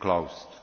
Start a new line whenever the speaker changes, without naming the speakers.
closed.